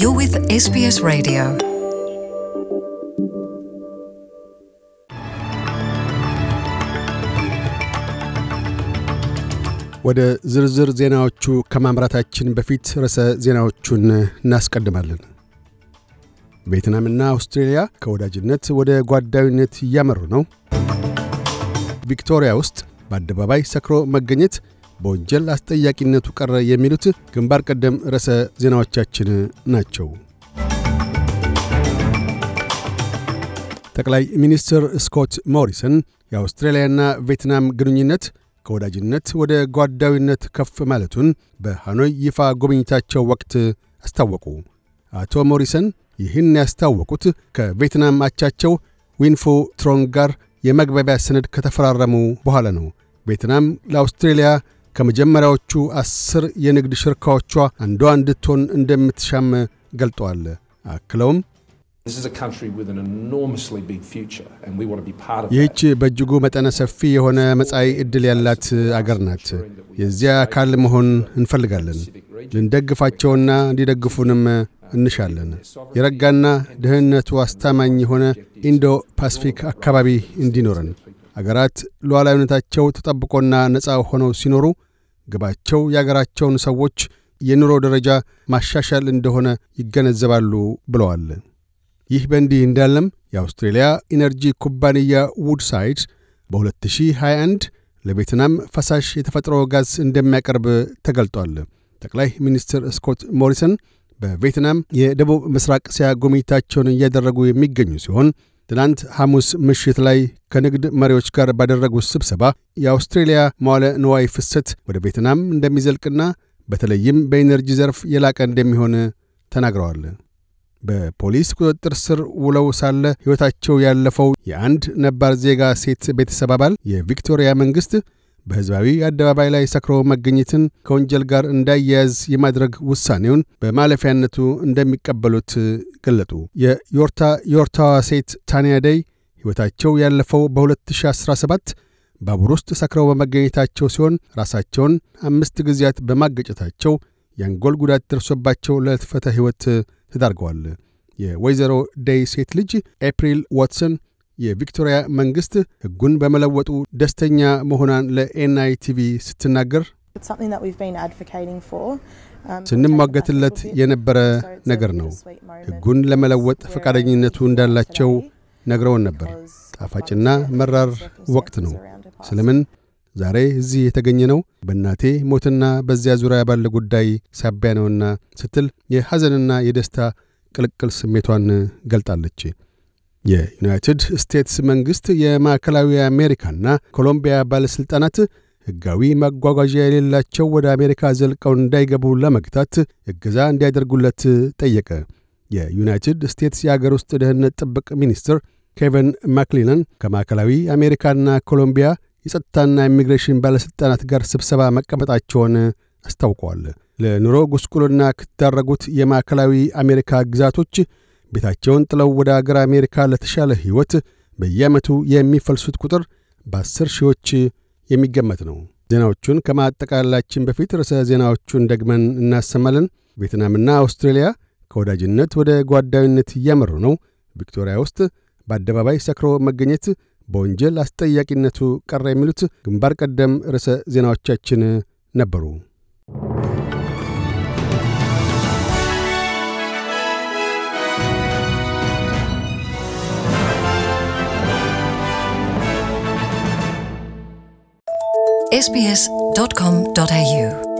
You're with SBS Radio. ወደ ዝርዝር ዜናዎቹ ከማምራታችን በፊት ርዕሰ ዜናዎቹን እናስቀድማለን። ቬትናምና አውስትሬልያ ከወዳጅነት ወደ ጓዳዊነት እያመሩ ነው። ቪክቶሪያ ውስጥ በአደባባይ ሰክሮ መገኘት በወንጀል አስጠያቂነቱ ቀረ የሚሉት ግንባር ቀደም ርዕሰ ዜናዎቻችን ናቸው። ጠቅላይ ሚኒስትር ስኮት ሞሪሰን የአውስትራሊያና ቬትናም ግንኙነት ከወዳጅነት ወደ ጓዳዊነት ከፍ ማለቱን በሃኖይ ይፋ ጉብኝታቸው ወቅት አስታወቁ። አቶ ሞሪሰን ይህን ያስታወቁት ከቬትናም አቻቸው ዊንፎ ትሮንግ ጋር የመግባቢያ ሰነድ ከተፈራረሙ በኋላ ነው። ቪየትናም ለአውስትሬልያ ከመጀመሪያዎቹ አስር የንግድ ሽርካዎቿ አንዷ እንድትሆን እንደምትሻም ገልጠዋል። አክለውም ይህች በእጅጉ መጠነ ሰፊ የሆነ መጻኢ ዕድል ያላት አገር ናት። የዚያ አካል መሆን እንፈልጋለን። ልንደግፋቸውና እንዲደግፉንም እንሻለን። የረጋና ደህንነቱ አስታማኝ የሆነ ኢንዶ ፓስፊክ አካባቢ እንዲኖረን አገራት ሉዓላዊነታቸው ተጠብቆና ነፃ ሆነው ሲኖሩ ግባቸው የአገራቸውን ሰዎች የኑሮ ደረጃ ማሻሻል እንደሆነ ይገነዘባሉ ብለዋል። ይህ በእንዲህ እንዳለም የአውስትሬልያ ኢነርጂ ኩባንያ ውድሳይድ በ2021 ለቬትናም ፈሳሽ የተፈጥሮ ጋዝ እንደሚያቀርብ ተገልጧል። ጠቅላይ ሚኒስትር ስኮት ሞሪሰን በቬትናም የደቡብ ምስራቅ እስያ ጉብኝታቸውን እያደረጉ የሚገኙ ሲሆን ትናንት ሐሙስ ምሽት ላይ ከንግድ መሪዎች ጋር ባደረጉት ስብሰባ የአውስትሬልያ መዋለ ንዋይ ፍሰት ወደ ቬትናም እንደሚዘልቅና በተለይም በኢነርጂ ዘርፍ የላቀ እንደሚሆን ተናግረዋል። በፖሊስ ቁጥጥር ስር ውለው ሳለ ሕይወታቸው ያለፈው የአንድ ነባር ዜጋ ሴት ቤተሰብ አባል የቪክቶሪያ መንግሥት በሕዝባዊ አደባባይ ላይ ሰክሮ መገኘትን ከወንጀል ጋር እንዳያያዝ የማድረግ ውሳኔውን በማለፊያነቱ እንደሚቀበሉት ገለጡ። የዮርታ ዮርታዋ ሴት ታንያ ደይ ሕይወታቸው ያለፈው በ2017 ባቡር ውስጥ ሰክረው በመገኘታቸው ሲሆን ራሳቸውን አምስት ጊዜያት በማገጨታቸው የአንጎል ጉዳት ደርሶባቸው ለሕልፈተ ሕይወት ተዳርገዋል። የወይዘሮ ደይ ሴት ልጅ ኤፕሪል ዋትሰን የቪክቶሪያ መንግሥት ሕጉን በመለወጡ ደስተኛ መሆኗን ለኤንአይቲቪ ስትናገር um, ስንሟገትለት የነበረ ነገር ነው። ሕጉን ለመለወጥ ፈቃደኝነቱ እንዳላቸው ነግረውን ነበር። ጣፋጭና መራር ወቅት ነው። ስለምን ዛሬ እዚህ የተገኘ ነው በእናቴ ሞትና በዚያ ዙሪያ ባለ ጉዳይ ሳቢያ ነውና ስትል የሐዘንና የደስታ ቅልቅል ስሜቷን ገልጣለች። የዩናይትድ ስቴትስ መንግሥት የማዕከላዊ አሜሪካና ኮሎምቢያ ባለሥልጣናት ሕጋዊ መጓጓዣ የሌላቸው ወደ አሜሪካ ዘልቀው እንዳይገቡ ለመግታት እገዛ እንዲያደርጉለት ጠየቀ። የዩናይትድ ስቴትስ የአገር ውስጥ ደህንነት ጥብቅ ሚኒስትር ኬቨን ማክሊነን ከማዕከላዊ አሜሪካና ኮሎምቢያ የጸጥታና ኢሚግሬሽን ባለሥልጣናት ጋር ስብሰባ መቀመጣቸውን አስታውቀዋል። ለኑሮ ጉስቁልና ከተዳረጉት የማዕከላዊ አሜሪካ ግዛቶች ቤታቸውን ጥለው ወደ አገር አሜሪካ ለተሻለ ሕይወት በየዓመቱ የሚፈልሱት ቁጥር በአስር ሺዎች የሚገመት ነው። ዜናዎቹን ከማጠቃላላችን በፊት ርዕሰ ዜናዎቹን ደግመን እናሰማለን። ቬትናምና አውስትሬልያ ከወዳጅነት ወደ ጓዳዊነት እያመሩ ነው። ቪክቶሪያ ውስጥ በአደባባይ ሰክሮ መገኘት በወንጀል አስጠያቂነቱ ቀረ። የሚሉት ግንባር ቀደም ርዕሰ ዜናዎቻችን ነበሩ። sbs.com.au